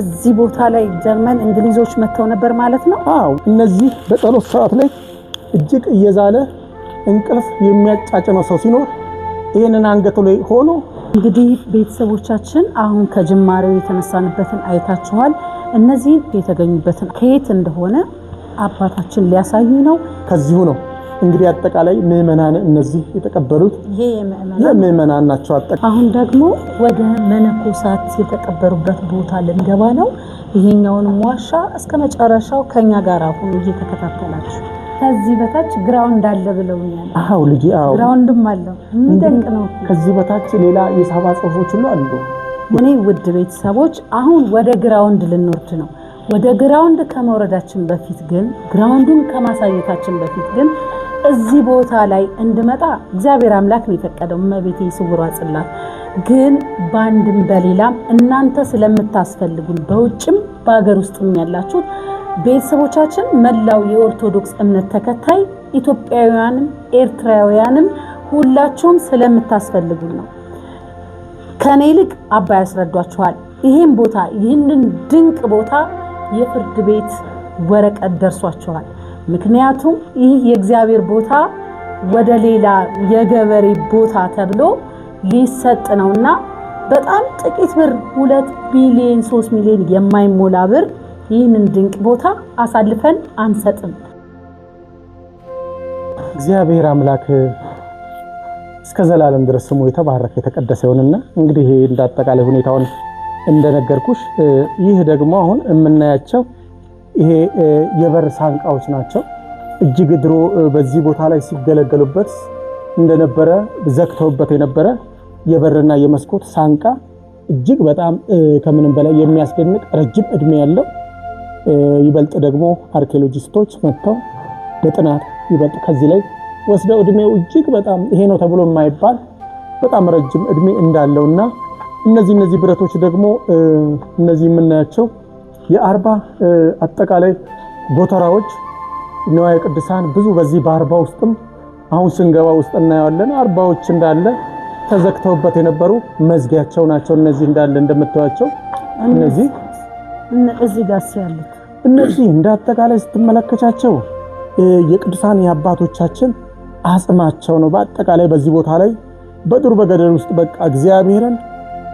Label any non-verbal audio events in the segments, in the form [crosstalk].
እዚህ ቦታ ላይ ጀርመን እንግሊዞች መጥተው ነበር ማለት ነው። አዎ እነዚህ በጸሎት ሰዓት ላይ እጅግ እየዛለ እንቅልፍ የሚያጫጭነው ሰው ሲኖር ይህንን አንገቱ ላይ ሆኖ እንግዲህ ቤተሰቦቻችን አሁን ከጅማሬው የተነሳንበትን አይታችኋል። እነዚህ የተገኙበትን ከየት እንደሆነ አባታችን ሊያሳዩ ነው። ከዚሁ ነው እንግዲህ አጠቃላይ ምዕመናን እነዚህ የተቀበሉት የምዕመናን ናቸው። አሁን ደግሞ ወደ መነኮሳት የተቀበሩበት ቦታ ልንገባ ነው። ይሄኛውንም ዋሻ እስከ መጨረሻው ከኛ ጋር አሁን እየተከታተላችሁ ከዚህ በታች ግራውንድ አለ ብለውኛል። አዎ ልጅ፣ አዎ ግራውንድም አለው። ምንደንቅ ነው። ከዚህ በታች ሌላ የሳባ ጽሁፎች ሁሉ አሉ። እኔ ውድ ቤተሰቦች አሁን ወደ ግራውንድ ልንወርድ ነው። ወደ ግራውንድ ከመውረዳችን በፊት ግን ግራውንዱን ከማሳየታችን በፊት ግን እዚህ ቦታ ላይ እንድመጣ እግዚአብሔር አምላክ ነው የፈቀደው። እመቤቴ ስውሯ ጽላት ግን በአንድም በሌላም እናንተ ስለምታስፈልጉን በውጭም በሀገር ውስጥም ያላችሁት ቤተሰቦቻችን፣ መላው የኦርቶዶክስ እምነት ተከታይ ኢትዮጵያውያንም ኤርትራውያንም ሁላችሁም ስለምታስፈልጉን ነው። ከእኔ ይልቅ አባ ያስረዷችኋል። ይህን ቦታ ይህንን ድንቅ ቦታ የፍርድ ቤት ወረቀት ደርሷችኋል። ምክንያቱም ይህ የእግዚአብሔር ቦታ ወደ ሌላ የገበሬ ቦታ ተብሎ ሊሰጥ ነውና በጣም ጥቂት ብር ሁለት ቢሊዮን ሶስት ሚሊዮን የማይሞላ ብር ይህንን ድንቅ ቦታ አሳልፈን አንሰጥም። እግዚአብሔር አምላክ እስከ ዘላለም ድረስ ስሙ የተባረከ የተቀደሰ ይሆንና እንግዲህ እንዳጠቃላይ ሁኔታውን እንደነገርኩሽ ይህ ደግሞ አሁን የምናያቸው ይሄ የበር ሳንቃዎች ናቸው። እጅግ ድሮ በዚህ ቦታ ላይ ሲገለገሉበት እንደነበረ ዘግተውበት የነበረ የበርና የመስኮት ሳንቃ እጅግ በጣም ከምንም በላይ የሚያስደንቅ ረጅም እድሜ ያለው ይበልጥ ደግሞ አርኪኦሎጂስቶች መጥተው በጥናት ይበልጥ ከዚህ ላይ ወስደው እድሜው እጅግ በጣም ይሄ ነው ተብሎ የማይባል በጣም ረጅም እድሜ እንዳለውና እነዚህ እነዚህ ብረቶች ደግሞ እነዚህ የምናያቸው የአርባ አጠቃላይ ጎተራዎች ንዋየ ቅድሳን ብዙ በዚህ በአርባ ውስጥም አሁን ስንገባ ውስጥ እናየዋለን። አርባዎች እንዳለ ተዘግተውበት የነበሩ መዝጊያቸው ናቸው። እነዚህ እንዳለ እንደምታዩቸው እነዚህ እዚህ ጋር ያሉት እነዚህ እንደ አጠቃላይ ስትመለከቻቸው የቅዱሳን የአባቶቻችን አጽማቸው ነው። በአጠቃላይ በዚህ ቦታ ላይ በዱር በገደል ውስጥ በቃ እግዚአብሔርን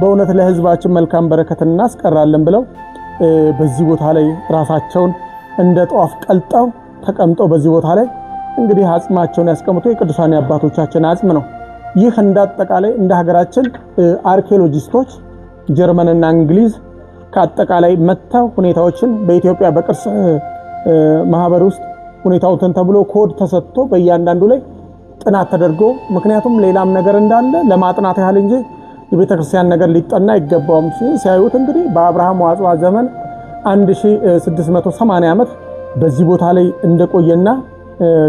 በእውነት ለሕዝባችን መልካም በረከት እናስቀራለን ብለው በዚህ ቦታ ላይ ራሳቸውን እንደ ጧፍ ቀልጠው ተቀምጠው በዚህ ቦታ ላይ እንግዲህ አጽማቸውን ያስቀምጡ። የቅዱሳን አባቶቻችን አጽም ነው። ይህ እንደ እንደ ሀገራችን አርኪኦሎጂስቶች ጀርመንና እንግሊዝ ከአጠቃላይ መጥተው ሁኔታዎችን በኢትዮጵያ በቅርስ ማህበር ውስጥ ሁኔታውትን ተብሎ ኮድ ተሰጥቶ በእያንዳንዱ ላይ ጥናት ተደርጎ ምክንያቱም ሌላም ነገር እንዳለ ለማጥናት ያህል እንጂ የቤተ ክርስቲያን ነገር ሊጠና አይገባውም ሲያዩት እንግዲህ በአብርሃም ዋጽዋ ዘመን 1680 ዓመት በዚህ ቦታ ላይ እንደቆየና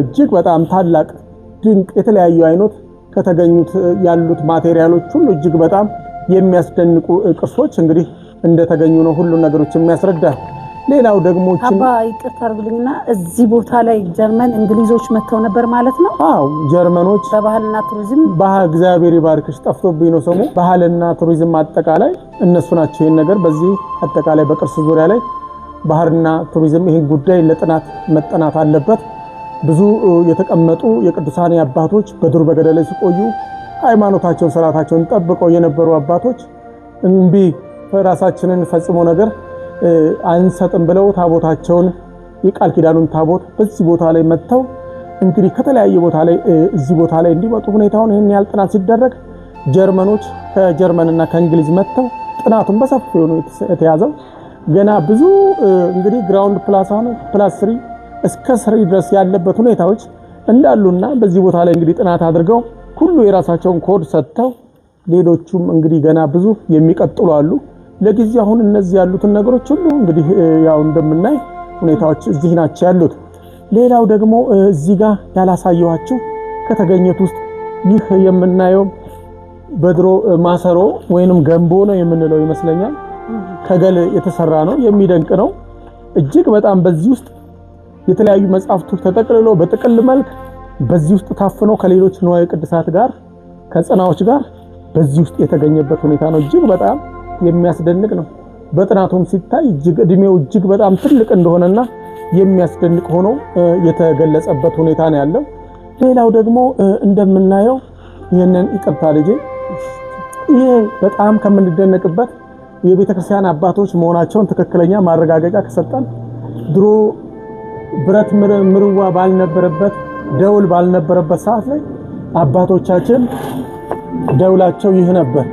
እጅግ በጣም ታላቅ ድንቅ የተለያዩ አይነት ከተገኙት ያሉት ማቴሪያሎች ሁሉ እጅግ በጣም የሚያስደንቁ ቅርሶች እንግዲህ እንደተገኙ ነው ሁሉ ነገሮች የሚያስረዳ ሌላው ደግሞ አባ ይቅርታ አድርጉልኝና እዚህ ቦታ ላይ ጀርመን እንግሊዞች መጥተው ነበር ማለት ነው? አዎ ጀርመኖች በባህልና ቱሪዝም ባህ እግዚአብሔር ይባርክሽ፣ ጠፍቶብኝ ነው ሰሙ። ባህልና ቱሪዝም አጠቃላይ እነሱ ናቸው። ይህን ነገር በዚህ አጠቃላይ በቅርስ ዙሪያ ላይ ባህልና ቱሪዝም ይህን ጉዳይ ለጥናት መጠናት አለበት። ብዙ የተቀመጡ የቅዱሳን አባቶች በዱር በገደል ላይ ሲቆዩ ሃይማኖታቸውን፣ ስርዓታቸውን ጠብቀው የነበሩ አባቶች እምቢ ራሳችንን ፈጽሞ ነገር አንሰጥም ብለው ታቦታቸውን የቃል ኪዳኑን ታቦት በዚህ ቦታ ላይ መጥተው እንግዲህ ከተለያየ ቦታ ላይ እዚህ ቦታ ላይ እንዲመጡ ሁኔታውን ይህን ያህል ጥናት ሲደረግ ጀርመኖች ከጀርመንና ከእንግሊዝ መጥተው ጥናቱን በሰፊው ነው የተያዘው። ገና ብዙ እንግዲህ ግራውንድ ፕላስ አሁን ፕላስ ስሪ እስከ ስሪ ድረስ ያለበት ሁኔታዎች እንዳሉና በዚህ ቦታ ላይ እንግዲህ ጥናት አድርገው ሁሉ የራሳቸውን ኮድ ሰጥተው ሌሎቹም እንግዲህ ገና ብዙ የሚቀጥሉ አሉ። ለጊዜ አሁን እነዚህ ያሉትን ነገሮች ሁሉ እንግዲህ ያው እንደምናይ ሁኔታዎች እዚህ ናቸው ያሉት። ሌላው ደግሞ እዚህ ጋር ያላሳየኋችሁ ከተገኘት ውስጥ ይህ የምናየው በድሮ ማሰሮ ወይንም ገንቦ ነው የምንለው ይመስለኛል። ከገል የተሰራ ነው። የሚደንቅ ነው እጅግ በጣም። በዚህ ውስጥ የተለያዩ መጽሐፍቱ ተጠቅልሎ በጥቅል መልክ በዚህ ውስጥ ታፍኖ ከሌሎች ንዋየ ቅድሳት ጋር ከጽናዎች ጋር በዚህ ውስጥ የተገኘበት ሁኔታ ነው እጅግ በጣም የሚያስደንቅ ነው። በጥናቱም ሲታይ እጅግ እድሜው እጅግ በጣም ትልቅ እንደሆነና የሚያስደንቅ ሆኖ የተገለጸበት ሁኔታ ነው ያለው። ሌላው ደግሞ እንደምናየው ይህንን ይቅርታ ልጄ፣ ይህ በጣም ከምንደነቅበት የቤተ ክርስቲያን አባቶች መሆናቸውን ትክክለኛ ማረጋገጫ ከሰጠን ድሮ ብረት ምርዋ ባልነበረበት ደውል ባልነበረበት ሰዓት ላይ አባቶቻችን ደውላቸው ይህ ነበር።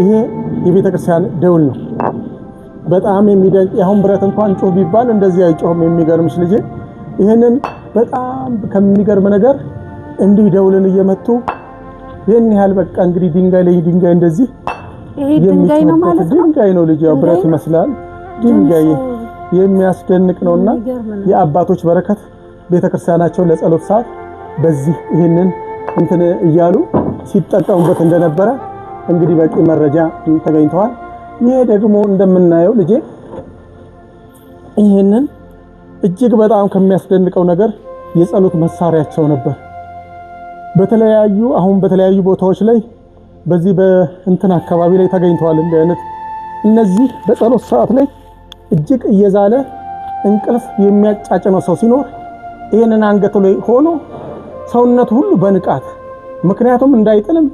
ይሄ የቤተ ክርስቲያን ደውል ነው። በጣም የሚደንቅ ያሁን ብረት እንኳን ጮህ ቢባል እንደዚህ አይጮህም። የሚገርምሽ ልጅ ይህንን በጣም ከሚገርም ነገር እንዲህ ደውልን እየመቱ ይህን ያህል በቃ እንግዲህ ድንጋይ ላይ ድንጋይ እንደዚህ ድንጋይ ነው ማለት ነው። ድንጋይ ነው ልጅ ያው ብረት ይመስላል ድንጋይ የሚያስደንቅ ነውና የአባቶች በረከት ቤተክርስቲያናቸው ለጸሎት ሰዓት በዚህ ይህንን እንትን እያሉ ሲጠቀሙበት እንደነበረ እንግዲህ በቂ መረጃ ተገኝተዋል። ይሄ ደግሞ እንደምናየው ልጄ ይህንን እጅግ በጣም ከሚያስደንቀው ነገር የጸሎት መሳሪያቸው ነበር። በተለያዩ አሁን በተለያዩ ቦታዎች ላይ በዚህ በእንትን አካባቢ ላይ ተገኝተዋል። እንደ አይነት እነዚህ በጸሎት ሰዓት ላይ እጅግ እየዛለ እንቅልፍ የሚያጫጭነው ሰው ሲኖር ይህንን አንገቱ ላይ ሆኖ ሰውነቱ ሁሉ በንቃት ምክንያቱም እንዳይጥልም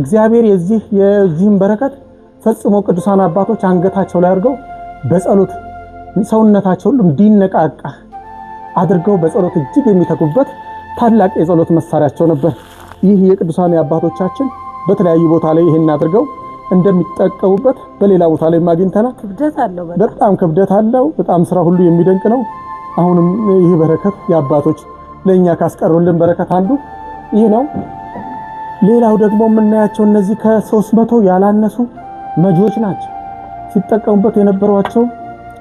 እግዚአብሔር የዚህ የዚህም በረከት ፈጽሞ ቅዱሳን አባቶች አንገታቸው ላይ አድርገው በጸሎት ሰውነታቸው ሁሉ እንዲነቃቃ አድርገው በጸሎት እጅግ የሚተጉበት ታላቅ የጸሎት መሳሪያቸው ነበር። ይህ የቅዱሳን አባቶቻችን በተለያዩ ቦታ ላይ ይህን አድርገው እንደሚጠቀሙበት በሌላ ቦታ ላይ ማግኝተናል። በጣም ክብደት አለው። በጣም ስራ ሁሉ የሚደንቅ ነው። አሁንም ይህ በረከት የአባቶች ለእኛ ካስቀሩልን በረከት አንዱ ይህ ነው። ሌላው ደግሞ የምናያቸው እነዚህ ከሶስት መቶ ያላነሱ መጆች ናቸው። ሲጠቀሙበት የነበሯቸው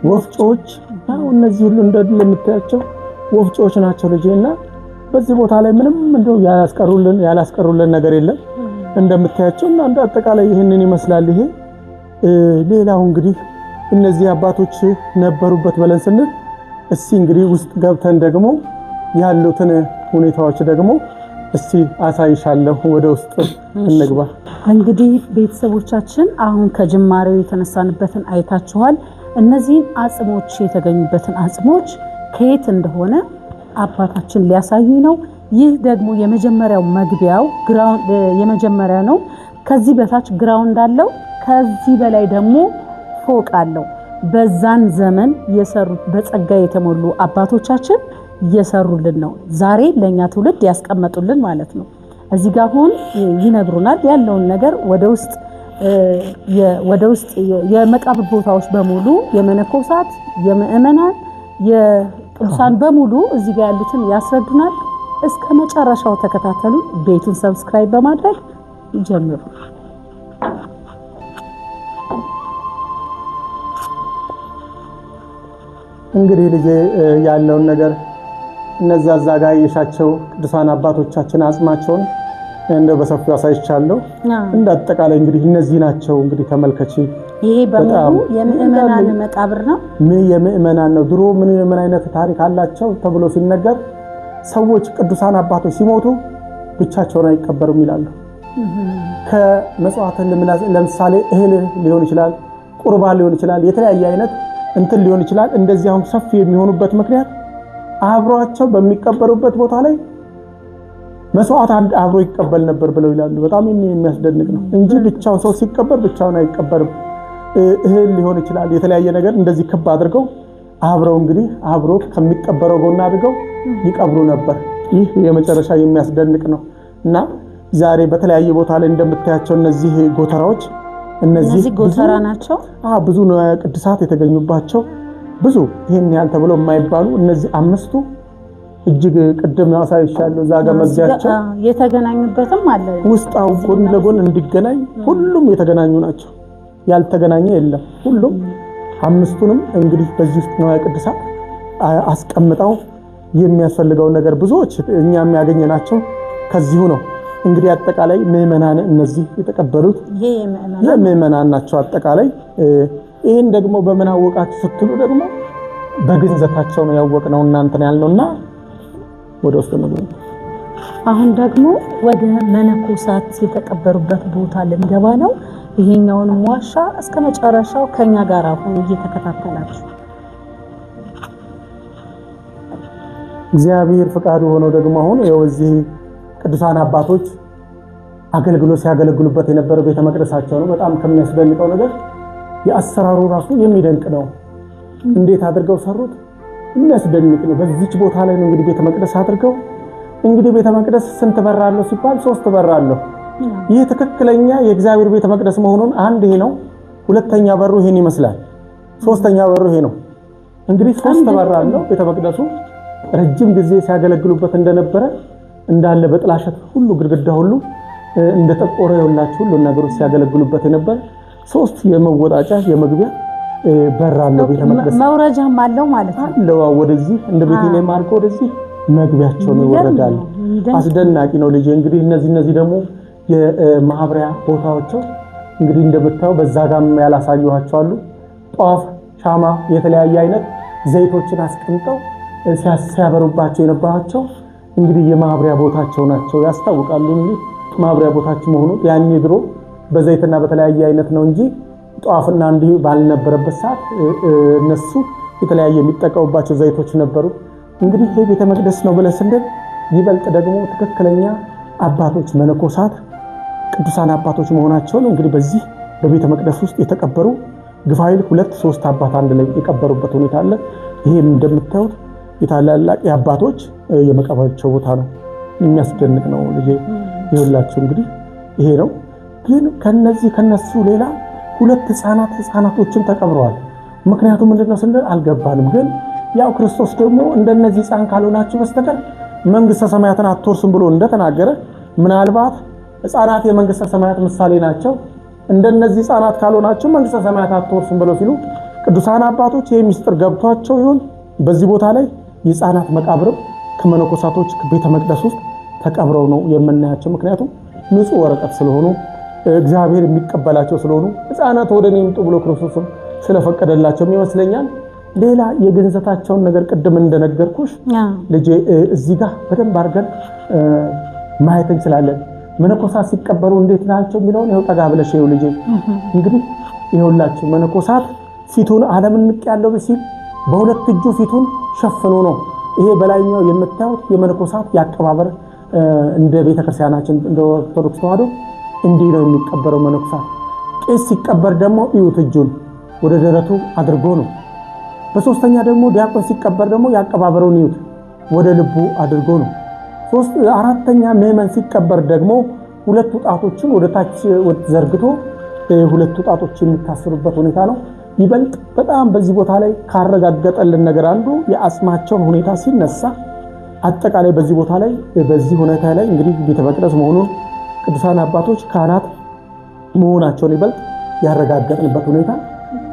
ወፍጮዎች እነዚህ ሁሉ እንደ የምታያቸው ወፍጮዎች ናቸው ልጄ እና በዚህ ቦታ ላይ ምንም እንደው ያላስቀሩልን ያላስቀሩልን ነገር የለም እንደምታያቸው እና እንደ አጠቃላይ ይህንን ይመስላል። ይሄ ሌላው እንግዲህ እነዚህ አባቶች ነበሩበት ብለን ስንል እስኪ እንግዲህ ውስጥ ገብተን ደግሞ ያሉትን ሁኔታዎች ደግሞ እስቲ አሳይሻለሁ። ወደ ውስጥ እንግባ። እንግዲህ ቤተሰቦቻችን አሁን ከጅማሬው የተነሳንበትን አይታችኋል። እነዚህን አጽሞች የተገኙበትን አጽሞች ከየት እንደሆነ አባታችን ሊያሳዩ ነው። ይህ ደግሞ የመጀመሪያው መግቢያው የመጀመሪያ ነው። ከዚህ በታች ግራውንድ አለው። ከዚህ በላይ ደግሞ ፎቅ አለው። በዛን ዘመን የሰሩት በጸጋ የተሞሉ አባቶቻችን እየሰሩልን ነው። ዛሬ ለእኛ ትውልድ ያስቀመጡልን ማለት ነው። እዚህ ጋር አሁን ይነግሩናል ያለውን ነገር ወደ ውስጥ ወደ ውስጥ የመቃብር ቦታዎች በሙሉ የመነኮሳት፣ የምእመናን፣ የቅዱሳን በሙሉ እዚህ ጋር ያሉትን ያስረዱናል። እስከ መጨረሻው ተከታተሉ። ቤቱን ሰብስክራይብ በማድረግ ይጀምሩ። እንግዲህ ልጄ ያለውን ነገር እነዚያ እዛ ጋር የሻቸው ቅዱሳን አባቶቻችን አጽማቸውን እንደ በሰፊው አሳይቻለሁ። እንደ አጠቃላይ እንግዲህ እነዚህ ናቸው። እንግዲህ ተመልከች፣ ይሄ በሙሉ የምእመናን መቃብር ነው። ምን የምእመናን ነው። ድሮ ምን ምን አይነት ታሪክ አላቸው ተብሎ ሲነገር ሰዎች ቅዱሳን አባቶች ሲሞቱ ብቻቸውን አይቀበሩም ይላሉ። ከመጽዋትን ለምሳሌ እህል ሊሆን ይችላል፣ ቁርባን ሊሆን ይችላል፣ የተለያየ አይነት እንትን ሊሆን ይችላል። እንደዚህ አሁን ሰፊ የሚሆኑበት ምክንያት አብሯቸው በሚቀበሩበት ቦታ ላይ መስዋዕት አንድ አብሮ ይቀበል ነበር ብለው ይላሉ። በጣም የሚያስደንቅ ነው እንጂ ብቻውን ሰው ሲቀበር ብቻውን አይቀበርም። እህል ሊሆን ይችላል፣ የተለያየ ነገር እንደዚህ ክብ አድርገው አብረው እንግዲህ አብሮ ከሚቀበረው ጎና አድርገው ይቀብሩ ነበር። ይህ የመጨረሻ የሚያስደንቅ ነው እና ዛሬ በተለያየ ቦታ ላይ እንደምታያቸው እነዚህ ጎተራዎች እነዚህ ጎተራ ናቸው። ብዙ ቅዱሳት ቅድሳት የተገኙባቸው ብዙ ይህን ያህል ተብሎ የማይባሉ እነዚህ አምስቱ እጅግ ቅድም አሳይሻለሁ። እዛ ጋር መግቢያቸው የተገናኙበትም አለ ውስጣው ጎን ለጎን እንዲገናኝ ሁሉም የተገናኙ ናቸው። ያልተገናኘ የለም። ሁሉም አምስቱንም እንግዲህ በዚህ ውስጥ ነው ቅዱሳን አስቀምጠው የሚያስፈልገውን ነገር ብዙዎች እኛም ያገኘናቸው ከዚሁ ነው። እንግዲህ አጠቃላይ ምዕመናን እነዚህ የተቀበሉት የምዕመናን ናቸው አጠቃላይ ይህን ደግሞ በምን አወቃችሁ ስትሉ ደግሞ በግንዘታቸው ነው ያወቅነው እናንተን ያልነውና ወደ ውስጥ ነው። አሁን ደግሞ ወደ መነኮሳት የተቀበሩበት ቦታ ልንገባ ነው። ይሄኛውን ዋሻ እስከ መጨረሻው ከኛ ጋር አሁን እየተከታተላችሁ እግዚአብሔር ፈቃዱ ሆኖ ደግሞ አሁን ይኸው እዚህ ቅዱሳን አባቶች አገልግሎት ሲያገለግሉበት የነበረው ቤተ መቅደሳቸው ነው። በጣም ከሚያስደንቀው ነገር የአሰራሩ ራሱ የሚደንቅ ነው። እንዴት አድርገው ሰሩት? የሚያስደንቅ ነው። በዚች ቦታ ላይ ነው እንግዲህ ቤተ መቅደስ አድርገው እንግዲህ ቤተ መቅደስ ስንት በር አለው ሲባል ሶስት በር አለው። ይህ ትክክለኛ የእግዚአብሔር ቤተ መቅደስ መሆኑን አንድ ይሄ ነው፣ ሁለተኛ በሩ ይሄን ይመስላል፣ ሶስተኛ በሩ ይሄ ነው። እንግዲህ ሶስት በር አለው ቤተ መቅደሱ። ረጅም ጊዜ ሲያገለግሉበት እንደነበረ እንዳለ በጥላሸት ሁሉ ግድግዳ ሁሉ እንደጠቆረ ጠቆረ ሁሉ ነገሮች ሲያገለግሉበት የነበረ ሶስት የመወጣጫ የመግቢያ በር አለው። ቤተ መቅደስ መውረጃም አለው ማለት ነው አለው። ወደዚህ እንደ ቤተልሔም አድርገው ወደዚህ መግቢያቸው ነው ይወረዳል። አስደናቂ ነው ልጅ። እንግዲህ እነዚህ እነዚህ ደግሞ የማህበሪያ ቦታዎቸው እንግዲህ እንደምታየው በዛ ጋም ያላሳየኋቸው አሉ። ጧፍ፣ ሻማ፣ የተለያየ አይነት ዘይቶችን አስቀምጠው ሲያበሩባቸው የነበራቸው እንግዲህ የማህበሪያ ቦታቸው ናቸው ያስታውቃሉ። እንግዲህ ማህበሪያ ቦታቸው መሆኑን ያኔ ድሮ በዘይትና በተለያየ አይነት ነው እንጂ ጧፍና እንዲህ ባልነበረበት ሰዓት እነሱ የተለያየ የሚጠቀሙባቸው ዘይቶች ነበሩ። እንግዲህ ይህ ቤተ መቅደስ ነው ብለን ስንል ይበልጥ ደግሞ ትክክለኛ አባቶች መነኮሳት፣ ቅዱሳን አባቶች መሆናቸውን እንግዲህ በዚህ በቤተ መቅደስ ውስጥ የተቀበሩ ግፋይል ሁለት ሶስት አባት አንድ ላይ የቀበሩበት ሁኔታ አለ። ይህም እንደምታዩት የታላላቅ የአባቶች የመቀበራቸው ቦታ ነው። የሚያስደንቅ ነው ልጄ። ይሁላችሁ እንግዲህ ይሄ ነው። ግን ከነዚህ ከነሱ ሌላ ሁለት ህፃናት ህፃናቶችም ተቀብረዋል። ምክንያቱም ምንድነው ስንል አልገባንም። ግን ያው ክርስቶስ ደግሞ እንደነዚህ ህፃን ካልሆናችሁ በስተቀር መንግስተ ሰማያትን አትወርስም ብሎ እንደተናገረ ምናልባት ህፃናት የመንግስተ ሰማያት ምሳሌ ናቸው። እንደነዚህ ህፃናት ካልሆናችሁ መንግስተ ሰማያት አትወርስም ብሎ ሲሉ ቅዱሳን አባቶች ይህ ሚስጥር ገብቷቸው ይሆን? በዚህ ቦታ ላይ የህፃናት መቃብርም ከመነኮሳቶች ቤተ መቅደስ ውስጥ ተቀብረው ነው የምናያቸው። ምክንያቱም ንጹህ ወረቀት ስለሆኑ እግዚአብሔር የሚቀበላቸው ስለሆኑ ህፃናት ወደ እኔ ይምጡ ብሎ ክርስቶስም ስለፈቀደላቸውም ይመስለኛል። ሌላ የገንዘታቸውን ነገር ቅድም እንደነገርኩሽ ልጄ እዚህ ጋር በደንብ አድርገን ማየት እንችላለን። መነኮሳት ሲቀበሉ እንዴት ናቸው የሚለውን ይኸው ጠጋ ብለሽ ይኸው ልጄ እንግዲህ ይኸውላችሁ መነኮሳት ፊቱን ዓለምን ንቅ ያለው ሲል በሁለት እጁ ፊቱን ሸፍኖ ነው። ይሄ በላይኛው የምታዩት የመነኮሳት የአቀባበር እንደ ቤተክርስቲያናችን እንደ ኦርቶዶክስ ተዋሕዶ እንዲህ ነው የሚቀበረው መነኩሳት። ቄስ ሲቀበር ደግሞ እዩት፣ እጁን ወደ ደረቱ አድርጎ ነው። በሶስተኛ ደግሞ ዲያቆን ሲቀበር ደግሞ ያቀባበረውን እዩት፣ ወደ ልቡ አድርጎ ነው። አራተኛ ምዕመን ሲቀበር ደግሞ ሁለቱ ጣቶችን ወደ ታች ዘርግቶ ሁለቱ ጣቶች የሚታሰሩበት ሁኔታ ነው። ይበልጥ በጣም በዚህ ቦታ ላይ ካረጋገጠልን ነገር አንዱ የአጽማቸውን ሁኔታ ሲነሳ አጠቃላይ በዚህ ቦታ ላይ በዚህ ሁኔታ ላይ እንግዲህ ቤተ መቅደስ መሆኑን ቅዱሳን አባቶች ካህናት መሆናቸውን ይበልጥ ያረጋገጥንበት ሁኔታ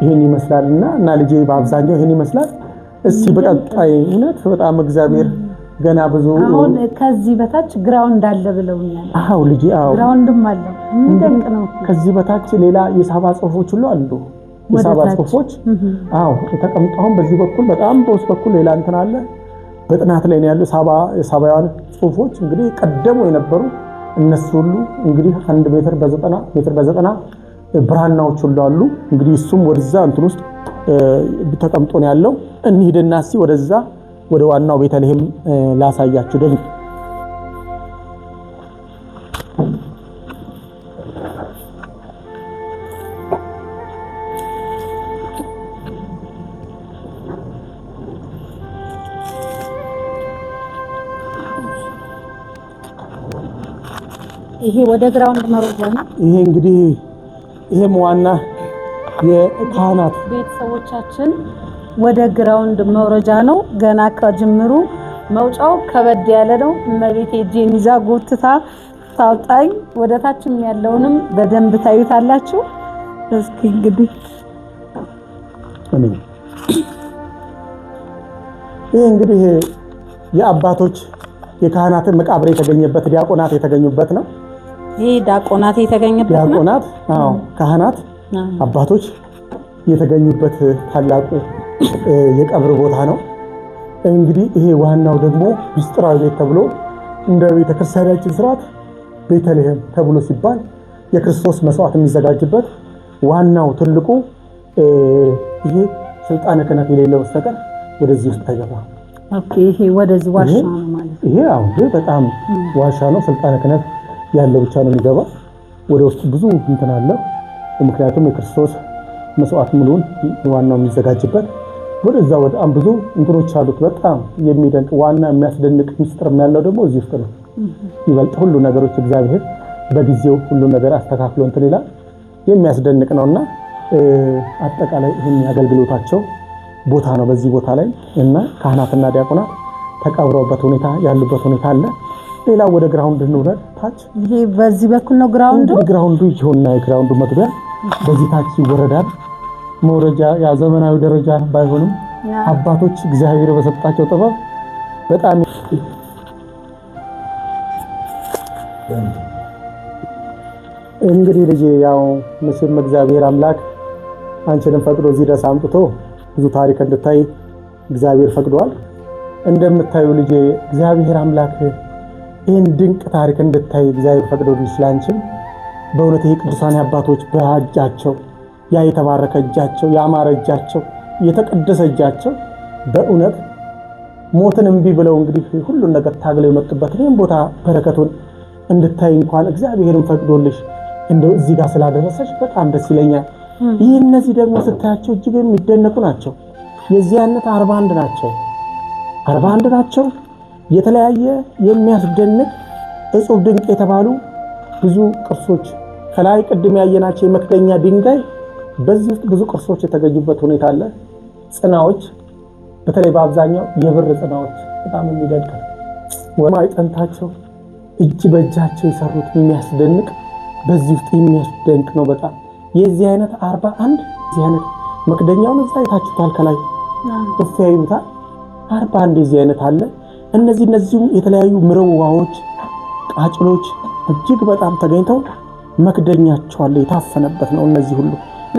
ይህን ይመስላል እና እና ልጄ በአብዛኛው ይህን ይመስላል። እስኪ በቀጣይ እውነት በጣም እግዚአብሔር ገና ብዙ አሁን ከዚህ በታች ግራውንድ አለ ብለውኛል። አዎ ልጄ አዎ ግራውንድም አለ ምንደንቅ ነው። ከዚህ በታች ሌላ የሳባ ጽሁፎች ሁሉ አሉ። የሳባ ጽሁፎች አዎ ተቀምጠውን በዚህ በኩል በጣም በውስጥ በኩል ሌላ እንትን አለ። በጥናት ላይ ነው ያሉ ሳባውያን ጽሁፎች እንግዲህ ቀደሙ የነበሩት እነሱ ሁሉ እንግዲህ አንድ ሜትር በዘጠና ሜትር በዘጠና ብራናዎች ሁሉ አሉ። እንግዲህ እሱም ወደዛ እንትን ውስጥ ተቀምጦ ነው ያለው። እንሂድና እስኪ ወደዛ ወደ ዋናው ቤተልሔም ላሳያችሁ ደግሞ ይሄ ወደ ግራው እንድመሩ ነው። ይሄ እንግዲህ ይሄም ዋና የካህናት ቤተሰቦቻችን ወደ ግራውንድ መውረጃ ነው። ገና ከጅምሩ መውጫው ከበድ ያለ ነው። እመቤቴ እጄን ይዛ ጎትታ ታውጣኝ። ወደ ታችም ያለውንም በደንብ ታዩታላችሁ። እስኪ እንግዲህ ይህ እንግዲህ የአባቶች የካህናትን መቃብር የተገኘበት ዲያቆናት የተገኙበት ነው። ይሄ ዲያቆናት የተገኘበት ዲያቆናት፣ አዎ ካህናት አባቶች የተገኙበት ታላቁ የቀብር ቦታ ነው። እንግዲህ ይሄ ዋናው ደግሞ ምስጢራዊ ቤት ተብሎ እንደ ስርዓት ቤተልሔም ተብሎ ሲባል የክርስቶስ መስዋዕት የሚዘጋጅበት ዋናው ትልቁ ይሄ ስልጣነ ክህነት የሌለው በስተቀር ወደዚህ ውስጥ አይገባ። ይሄ ወደዚህ ዋሻ ነው ማለት ይሄ በጣም ዋሻ ነው ስልጣነ ክህነት ያለው ብቻ ነው የሚገባ። ወደ ውስጥ ብዙ እንትን አለ። ምክንያቱም የክርስቶስ መስዋዕት ሙሉን ዋናው የሚዘጋጅበት ወደዛ በጣም ብዙ እንትኖች አሉት። በጣም የሚደንቅ ዋና የሚያስደንቅ ምስጥር ያለው ደግሞ እዚህ ውስጥ ነው። ይበልጥ ሁሉ ነገሮች እግዚአብሔር በጊዜው ሁሉ ነገር አስተካክሎ እንትን ይላል። የሚያስደንቅ ነው እና አጠቃላይ ይህ ያገልግሎታቸው ቦታ ነው። በዚህ ቦታ ላይ እና ካህናትና ዲያቆናት ተቀብረውበት ሁኔታ ያሉበት ሁኔታ አለ። ሌላ ወደ ግራውንድ እንውረድ። ታች ይሄ በዚህ በኩል ነው ግራውንዱ። ግራውንዱ ይሆንና የግራውንዱ መግቢያ በዚህ ታች ይወረዳል። መውረጃ ያ ዘመናዊ ደረጃ ባይሆንም አባቶች እግዚአብሔር በሰጣቸው ጥበብ በጣም እንግዲህ ልጅ ያው መቼም እግዚአብሔር አምላክ አንቺንም ፈቅዶ እዚህ ድረስ አምጥቶ ብዙ ታሪክ እንድታይ እግዚአብሔር ፈቅዷል። እንደምታዩ ልጄ እግዚአብሔር አምላክ ይህን ድንቅ ታሪክ እንድታይ እግዚአብሔር ፈቅዶልኝ ስላንችም በእውነት ይህ ቅዱሳን አባቶች በእጃቸው ያ የተባረከ እጃቸው ያማረ እጃቸው የተቀደሰ እጃቸው በእውነት ሞትን እምቢ ብለው እንግዲህ ሁሉን ነገር ታግለው የመጡበት ይህም ቦታ በረከቱን እንድታይ እንኳን እግዚአብሔርን ፈቅዶልሽ እንደው እዚህ ጋር ስላደረሰች በጣም ደስ ይለኛል። ይህ እነዚህ ደግሞ ስታያቸው እጅግ የሚደነቁ ናቸው። የዚህ አይነት አርባ አንድ ናቸው አርባ አንድ ናቸው። የተለያየ የሚያስደንቅ እጹብ ድንቅ የተባሉ ብዙ ቅርሶች ከላይ ቅድም ያየናቸው የመክደኛ ድንጋይ በዚህ ውስጥ ብዙ ቅርሶች የተገኙበት ሁኔታ አለ። ጽናዎች፣ በተለይ በአብዛኛው የብር ጽናዎች በጣም የሚደንቅ ወማይ ጠንታቸው እጅ በእጃቸው የሰሩት የሚያስደንቅ በዚህ ውስጥ የሚያስደንቅ ነው። በጣም የዚህ አይነት አርባ አንድ የዚህ አይነት መክደኛውን እዛ አይታችሁታል። ከላይ እፍ ያዩታል። አርባ አንድ የዚህ አይነት አለ። እነዚህ እነዚህም የተለያዩ ምርዋዎች፣ ቃጭሎች እጅግ በጣም ተገኝተው መክደኛቸው አለ የታፈነበት ነው። እነዚህ ሁሉ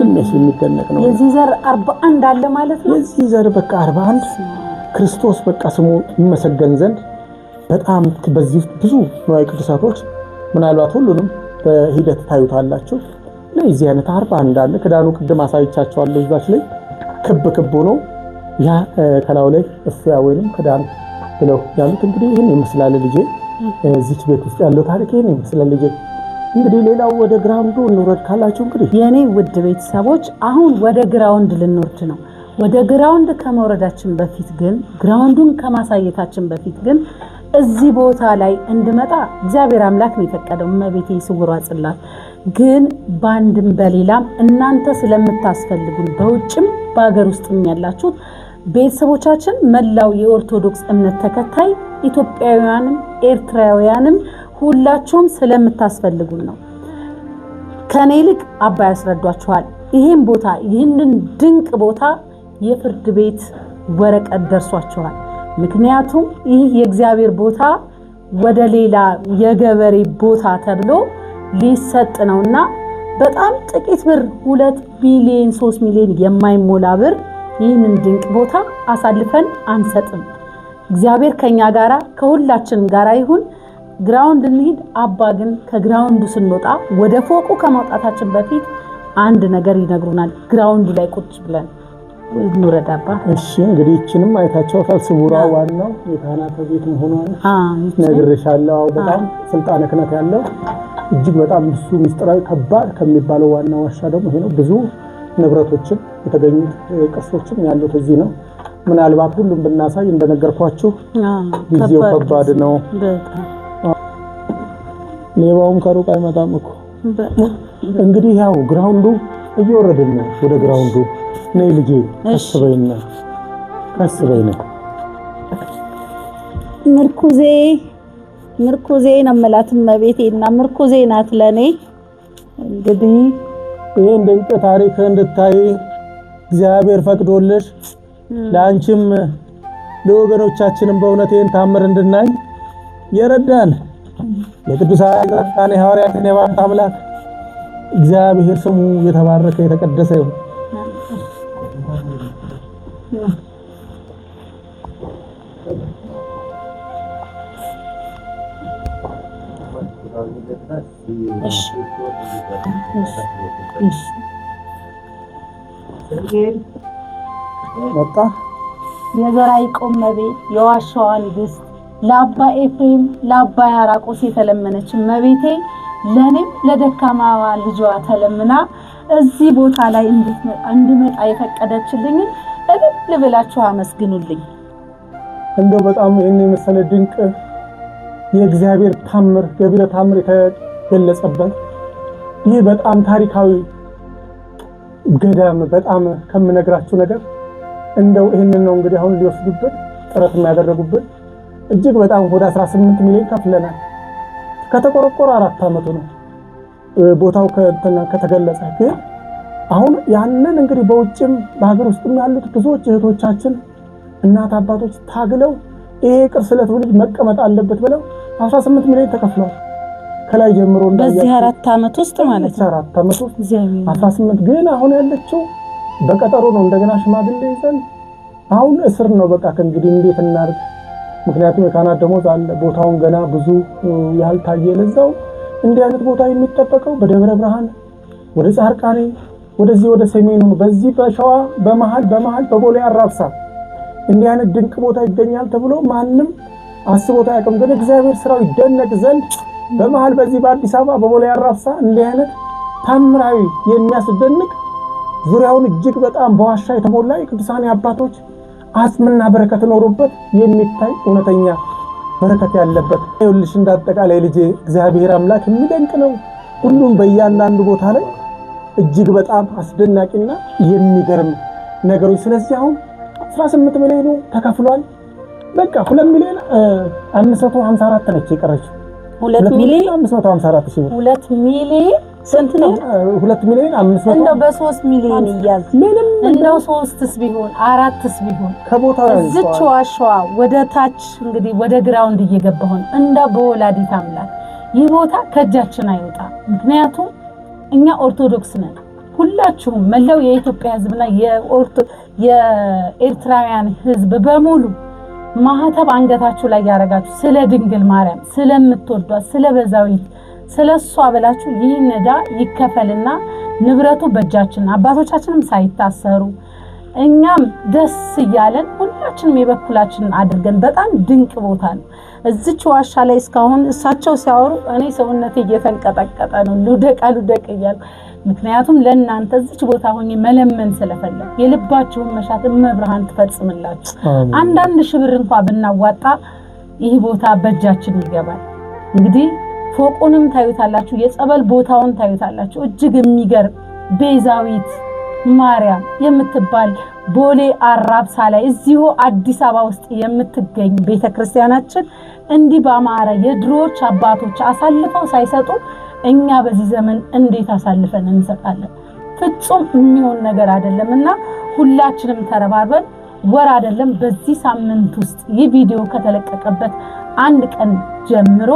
የሚያስል የሚደነቅ ነው። የዚህ ዘር አርባ አንድ አለ ማለት ነው። የዚህ ዘር በቃ አርባ አንድ ክርስቶስ በቃ ስሙ ይመሰገን ዘንድ በጣም በዚህ ውስጥ ብዙ ንዋየ ቅዱሳቶች ምናልባት ሁሉንም በሂደት ታዩታላቸው ለዚህ አይነት አርባ አንድ አለ። ክዳኑ ቅድም አሳይቻቸዋለሁ። እዛች ላይ ክብ ክብ ሆኖ ያ ከላዩ ላይ እፍያ ወይንም ክዳን ብለው ያሉት እንግዲህ ይህን ይመስላል ልጄ። እዚች ቤት ውስጥ ያለው ታሪክ ይህን ይመስላል ልጄ። እንግዲህ ሌላው ወደ ግራውንዱ እንውረድ ካላችሁ እንግዲህ የእኔ ውድ ቤተሰቦች አሁን ወደ ግራውንድ ልንወርድ ነው። ወደ ግራውንድ ከመውረዳችን በፊት ግን ግራውንዱን ከማሳየታችን በፊት ግን እዚህ ቦታ ላይ እንድመጣ እግዚአብሔር አምላክ ነው የፈቀደው። እመቤቴ ስውሯ ጽላት ግን በአንድም በሌላም እናንተ ስለምታስፈልጉን በውጭም በሀገር ውስጥም ያላችሁት ቤተሰቦቻችን መላው የኦርቶዶክስ እምነት ተከታይ ኢትዮጵያውያንም ኤርትራውያንም ሁላችሁም ስለምታስፈልጉን ነው። ከኔ ይልቅ አባ ያስረዷችኋል። ይህን ቦታ ይህንን ድንቅ ቦታ የፍርድ ቤት ወረቀት ደርሷችኋል። ምክንያቱም ይህ የእግዚአብሔር ቦታ ወደ ሌላ የገበሬ ቦታ ተብሎ ሊሰጥ ነውና በጣም ጥቂት ብር ሁለት ሚሊዮን ሶስት ሚሊዮን የማይሞላ ብር ይህንን ድንቅ ቦታ አሳልፈን አንሰጥም። እግዚአብሔር ከኛ ጋራ ከሁላችንም ጋራ ይሁን። ግራውንድ እንሂድ አባ ግን ከግራውንዱ ስንወጣ ወደ ፎቁ ከመውጣታችን በፊት አንድ ነገር ይነግሩናል። ግራውንዱ ላይ ቁጭ ብለን እንውረዳባ። እሺ እንግዲህ ይችንም አይታችኋታል። ስውሯ ዋናው የካህናተ ቤት መሆኗን ነግሬሻለሁ። በጣም ስልጣነ ክህነት ያለው እጅግ በጣም ብሱ ምስጢራዊ ከባድ ከሚባለው ዋና ዋሻ ደግሞ ይሄ ነው። ብዙ ንብረቶችን የተገኙት ቅርሶችም ያሉት እዚህ ነው። ምናልባት ሁሉም ብናሳይ እንደነገርኳችሁ ጊዜው ከባድ ነው። ሌባውም ከሩቅ አይመጣም እኮ። እንግዲህ ያው ግራውንዱ እየወረድን ነው። ወደ ግራውንዱ ነይ ልጄ፣ ከስበይና ከስበይ ነው ምርኩዜ ምርኩዜ ነው የምላት እመቤቴ እና ምርኩዜ ናት ለኔ። እንግዲህ ይሄ እንደ ታሪክ እንድታይ እግዚአብሔር ፈቅዶልሽ ለአንቺም ለወገኖቻችንም በእውነቴን ታምር እንድናይ የረዳን የቅዱሳን ጻድቃን የሐዋርያትን የባርት አምላክ እግዚአብሔር ስሙ የተባረከ የተቀደሰ ይሁን። እሺ እሺ መጣ የዘራይቆም መቤ የዋሻዋ ንግሥት ለአባ ኤፍሬም ለአባ ያራቆስ የተለመነች መቤቴ ለእኔም ለደካማዋ ልጇ ተለምና እዚህ ቦታ ላይ እንድመጣ የፈቀደችልኝ እልል ብላችሁ አመስግኑልኝ። እንደው በጣም ይህን የመሰለ ድንቅ የእግዚአብሔር ታምር ገቢረ ታምር የተገለጸበት ይህ በጣም ታሪካዊ ገዳም በጣም ከምነግራችሁ ነገር እንደው ይህንን ነው እንግዲህ አሁን ሊወስዱብን ጥረት የሚያደረጉብን እጅግ በጣም ወደ 18 ሚሊዮን ከፍለናል። ከተቆረቆረ አራት ዓመቱ ነው ቦታው ከተገለጸ። ግን አሁን ያንን እንግዲህ በውጭም በሀገር ውስጥም ያሉት ብዙዎች እህቶቻችን እናት አባቶች ታግለው ይሄ ቅርስ ለትውልድ መቀመጥ አለበት ብለው 18 ሚሊዮን ተከፍለዋል። ከላይ ጀምሮ በዚህ አራት ዓመት ውስጥ ማለት ነው። አራት ዓመት ውስጥ አስራ ስምንት ግን አሁን ያለችው በቀጠሮ ነው። እንደገና ሽማግሌ ይዘን አሁን እስር ነው። በቃ ከእንግዲህ እንዴት እናድርግ? ምክንያቱም የካህናት ደሞዝ አለ። ቦታውን ገና ብዙ ያልታየ ለዛው እንዲህ አይነት ቦታ የሚጠበቀው በደብረ ብርሃን ወደ ጻርቃኔ ወደዚህ ወደ ሰሜኑ በዚህ በሸዋ በመሃል በመሃል በቦሌ አራብሳ እንዲህ አይነት ድንቅ ቦታ ይገኛል ተብሎ ማንም አስቦታ ያውቅም። ግን እግዚአብሔር ስራው ይደነቅ ዘንድ በመሀል በዚህ በአዲስ አበባ በቦሌ አራብሳ እንዲህ አይነት ታምራዊ የሚያስደንቅ ዙሪያውን እጅግ በጣም በዋሻ የተሞላ የቅዱሳን አባቶች አጽምና በረከት ኖሮበት የሚታይ እውነተኛ በረከት ያለበት ይኸውልሽ፣ እንዳጠቃላይ ልጄ እግዚአብሔር አምላክ የሚደንቅ ነው። ሁሉም በእያንዳንዱ ቦታ ላይ እጅግ በጣም አስደናቂና የሚገርም ነገሮች። ስለዚህ አሁን 18 ሚሊዮኑ ተከፍሏል። በቃ ሁለት ሚሊዮን 554 ነች የቀረችው። ሁለት ሚሊዮን አምስት ሁለት ሚሊዮን ሁለት ሚሊዮን አምስት መቶ እንደው በሶስት ሚሊዮን ምንም እንደው ሶስትስ ቢሆን አራትስ ቢሆን ከቦታ እዚች ወደ ታች እንግዲህ ወደ ግራውንድ እየገባሁን እንደው በወላዲት አምላክ ይህ ቦታ ከእጃችን አይወጣ። ምክንያቱም እኛ ኦርቶዶክስ ነን ሁላችሁም መላው የኢትዮጵያ ሕዝብና የኤርትራውያን ሕዝብ በሙሉ ማህተብ አንገታችሁ ላይ ያደረጋችሁ ስለ ድንግል ማርያም ስለምትወዷት ስለ በዛዊት ስለ እሷ ብላችሁ ይህ ይከፈልና ንብረቱ በእጃችን አባቶቻችንም ሳይታሰሩ እኛም ደስ እያለን ሁላችንም የበኩላችንን አድርገን በጣም ድንቅ ቦታ ነው። እዚች ዋሻ ላይ እስካሁን እሳቸው ሲያወሩ እኔ ሰውነቴ እየተንቀጠቀጠ ነው። ሉደቃ ሉደቅ እያሉ ምክንያቱም ለእናንተ እዚች ቦታ ሆኜ መለመን ስለፈለግ የልባችሁን መሻት እመብርሃን ትፈጽምላችሁ። አንዳንድ ሽብር እንኳ ብናዋጣ ይህ ቦታ በእጃችን ይገባል። እንግዲህ ፎቁንም ታዩታላችሁ፣ የጸበል ቦታውን ታዩታላችሁ። እጅግ የሚገርም ቤዛዊት ማርያም የምትባል ቦሌ አራብሳ ላይ እዚሁ አዲስ አበባ ውስጥ የምትገኝ ቤተክርስቲያናችን እንዲህ በአማረ የድሮዎች አባቶች አሳልፈው ሳይሰጡ እኛ በዚህ ዘመን እንዴት አሳልፈን እንሰጣለን? ፍጹም የሚሆን ነገር አይደለም እና ሁላችንም ተረባርበን ወር አይደለም በዚህ ሳምንት ውስጥ ይህ ቪዲዮ ከተለቀቀበት አንድ ቀን ጀምሮ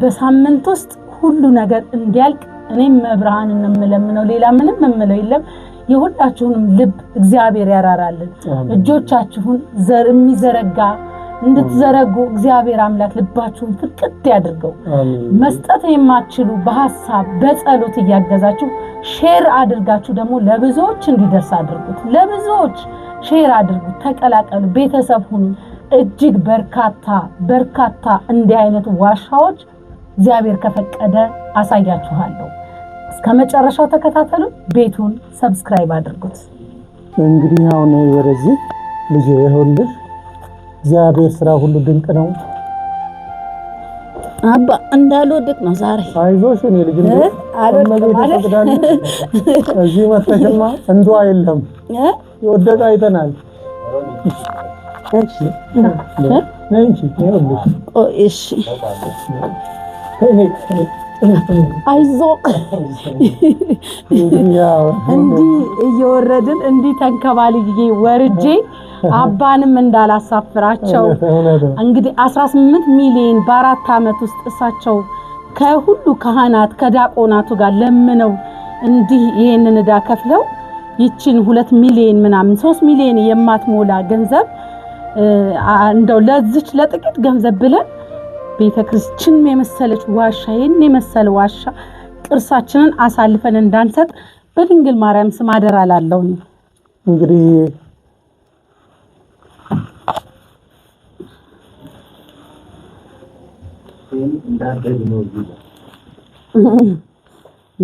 በሳምንት ውስጥ ሁሉ ነገር እንዲያልቅ እኔም መብርሃን እንምለምነው ሌላ ምንም የምለው የለም። የሁላችሁንም ልብ እግዚአብሔር ያራራልን። እጆቻችሁን ዘር የሚዘረጋ እንድትዘረጉ እግዚአብሔር አምላክ ልባችሁን ፍቅድ ያድርገው። መስጠት የማትችሉ በሀሳብ በጸሎት እያገዛችሁ ሼር አድርጋችሁ ደግሞ ለብዙዎች እንዲደርስ አድርጉት። ለብዙዎች ሼር አድርጉት። ተቀላቀሉ፣ ቤተሰብ ሁኑ። እጅግ በርካታ በርካታ እንዲህ አይነት ዋሻዎች እግዚአብሔር ከፈቀደ አሳያችኋለሁ። እስከ መጨረሻው ተከታተሉ። ቤቱን ሰብስክራይብ አድርጉት። እንግዲህ አሁን ወደዚህ ልጅ ይኸውልህ እግዚአብሔር ስራ ሁሉ ድንቅ ነው። አባ እንዳልወድቅ ነው ዛሬ። አይዞሽ እኔ ልጅ እዚህ መተሽማ እንዱ የለም የወደቀ አይተናል። አይዞ እንዲህ እየወረድን እንዲህ ተንከባልዬ ወርጄ [laughs] አባንም እንዳላሳፍራቸው [laughs] እንግዲህ 18 ሚሊዮን በአራት ዓመት ውስጥ እሳቸው ከሁሉ ካህናት ከዲያቆናቱ ጋር ለምነው እንዲህ ይህንን ዕዳ ከፍለው ይችን ሁለት ሚሊዮን ምናምን ሶስት ሚሊዮን የማትሞላ ገንዘብ እንደው ለዚች ለጥቂት ገንዘብ ብለን ቤተክርስቲያን የመሰለች ዋሻ ይህን የመሰለ ዋሻ ቅርሳችንን አሳልፈን እንዳንሰጥ በድንግል ማርያም ስም አደራ እንግዲህ ራሴን እንዳደግ ነው።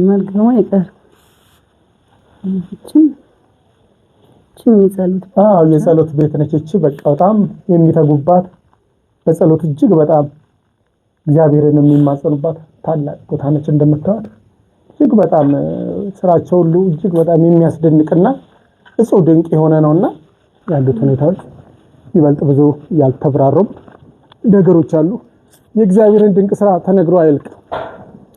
መድገሙ አይቀርም። የጸሎት ቤት ነች እቺ። በቃ በጣም የሚተጉባት በጸሎት እጅግ በጣም እግዚአብሔርን የሚማጸኑባት ታላቅ ቦታ ነች። እንደምታዩት እጅግ በጣም ስራቸው ሁሉ እጅግ በጣም የሚያስደንቅና እጹብ ድንቅ የሆነ ነውና ያሉት ሁኔታዎች ይበልጥ ብዙ ያልተብራሩም ነገሮች አሉ። የእግዚአብሔርን ድንቅ ስራ ተነግሮ አይልቅ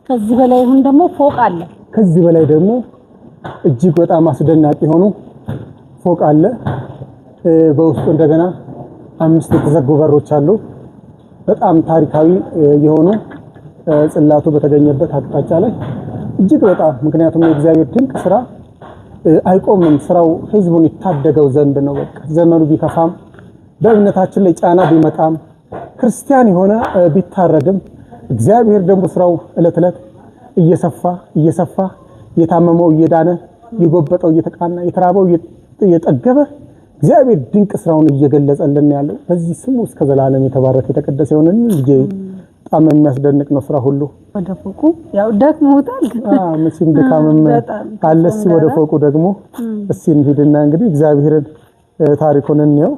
ከዚህ በላይ አሁን ደግሞ ፎቅ አለ። ከዚህ በላይ ደግሞ እጅግ በጣም አስደናቂ የሆኑ ፎቅ አለ። በውስጡ እንደገና አምስት የተዘጉ በሮች አሉ። በጣም ታሪካዊ የሆኑ ጽላቱ በተገኘበት አቅጣጫ ላይ እጅግ በጣም ምክንያቱም የእግዚአብሔር ድንቅ ስራ አይቆምም። ስራው ህዝቡን ይታደገው ዘንድ ነው። በቃ ዘመኑ ቢከፋም በእምነታችን ላይ ጫና ቢመጣም ክርስቲያን የሆነ ቢታረድም እግዚአብሔር ደግሞ ስራው እለት እለት እየሰፋ እየሰፋ የታመመው እየዳነ የጎበጠው እየተቃና የተራበው እየጠገበ እግዚአብሔር ድንቅ ስራውን እየገለጸልን ያለው በዚህ ስሙ እስከ ዘላለም የተባረከ የተቀደሰ ይሆንን። ልጄ በጣም የሚያስደንቅ ነው ስራ ሁሉ። ወደ ፎቁ ያው ደክሞታል፣ መቼም ድካምም አለ። እስኪ ወደ ፎቁ ደግሞ እስኪ እንሂድና እንግዲህ እግዚአብሔርን ታሪኩን እንየው።